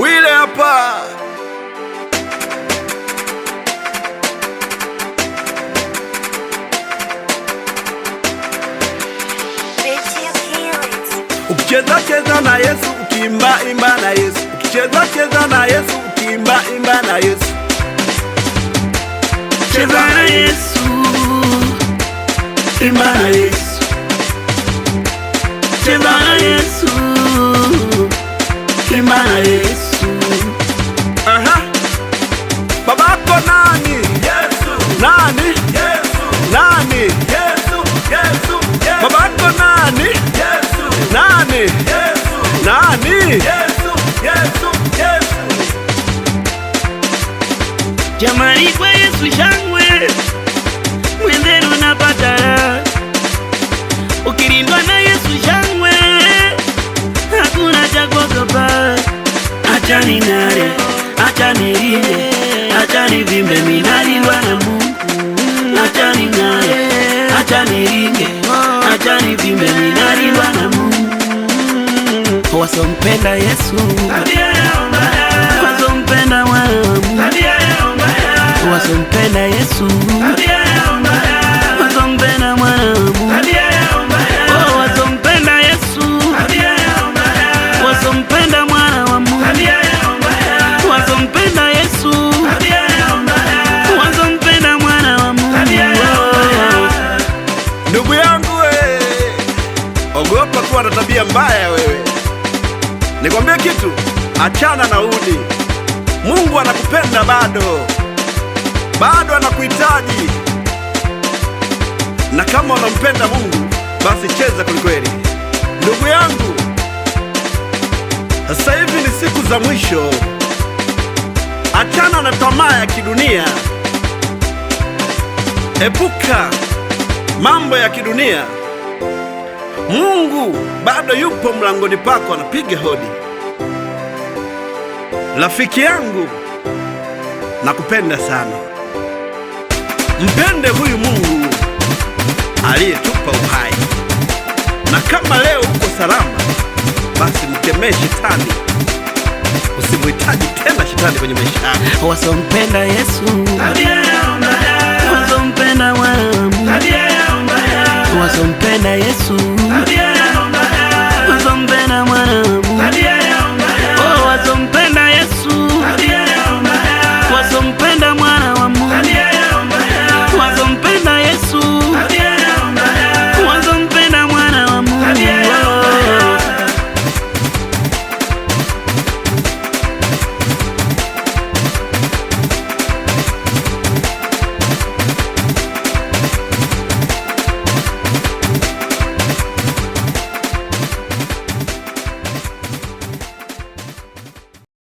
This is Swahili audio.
Wile hapa ukicheza cheza na Yesu, ukiimba imba na Yesu, ukicheza cheza na Yesu, ukiimba imba na Yesu, cheza na Yesu, imba na Yesu, cheza na Yesu, imba na Yesu. Nani? Yesu. Nani? Yesu, Yesu, Yesu. Baba Babako nani? Yesu. Nani? Yesu. Nani? Yesu, Yesu, Yesu. Jamani kwa Yesu shangwe mwendero na patara ukirindwa na Yesu shangwe hakuna cha kuogopa. Achani nare, achani rile acha nivimbe minalilwa na Mungu, acha ning'ae, acha niringe, acha nivimbe minalilwa na Mungu. Wasompenda Yesu wasompenda wao, wasompenda Yesu kuwa na tabia mbaya wewe. Nikwambie kitu, achana na udi. Mungu anakupenda bado, bado anakuhitaji, na kama unampenda Mungu basi cheza kwelikweli, ndugu yangu. Sasa hivi ni siku za mwisho. Achana na tamaa ya kidunia, epuka mambo ya kidunia. Mungu bado yupo mlangoni pako, anapiga hodi. Rafiki yangu, nakupenda sana. Mpende huyu Mungu aliyetupa uhai, na kama leo uko salama, basi mkemee shetani, usimhitaji tena shetani kwenye maisha yako. Wasompenda Yesu Amen. wasompenda Yesu Amina.